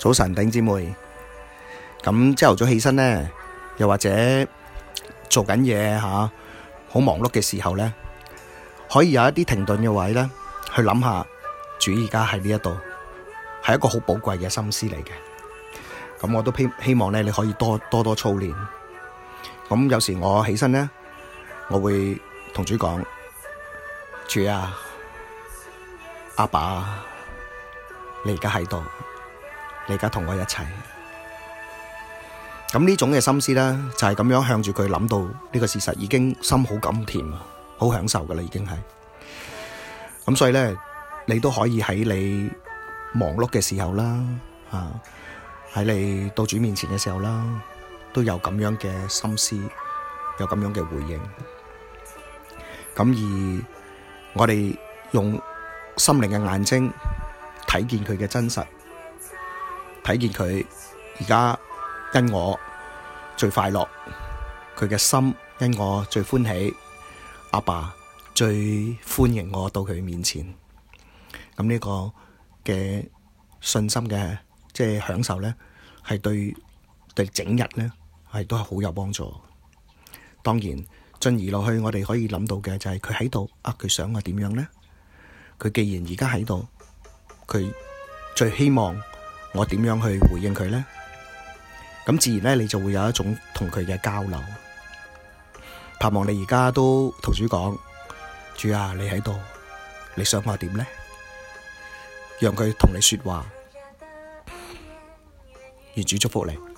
早晨，丁姐妹。咁朝頭早起身咧，又或者做緊嘢吓，好忙碌嘅時候咧，可以有一啲停頓嘅位咧，去諗下主而家喺呢一度，係一個好寶貴嘅心思嚟嘅。咁我都希希望咧，你可以多多多操練。咁有時我起身咧，我會同主講：主啊，阿爸啊，你而家喺度。你而家同我一齊，咁呢種嘅心思咧，就係咁樣向住佢諗到呢個事實，已經心好甘甜啊，好享受噶啦，已經係。咁所以咧，你都可以喺你忙碌嘅時候啦，啊，喺你到主面前嘅時候啦，都有咁樣嘅心思，有咁樣嘅回應。咁而我哋用心靈嘅眼睛睇見佢嘅真實。睇見佢而家因我最快樂，佢嘅心因我最歡喜，阿爸最歡迎我到佢面前。咁呢個嘅信心嘅即係享受咧，係對對整日咧係都係好有幫助。當然進而落去，我哋可以諗到嘅就係佢喺度，啊佢想我點樣咧？佢既然而家喺度，佢最希望。我點樣去回應佢咧？咁自然咧，你就會有一種同佢嘅交流。盼望你而家都同主講，主啊，你喺度，你想我點咧？讓佢同你說話，願主祝福你。